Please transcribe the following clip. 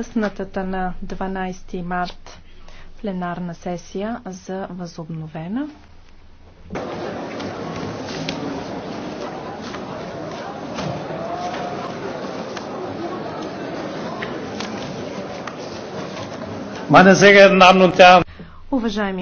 къснатата на 12 март пленарна сесия за възобновена. Уважаеми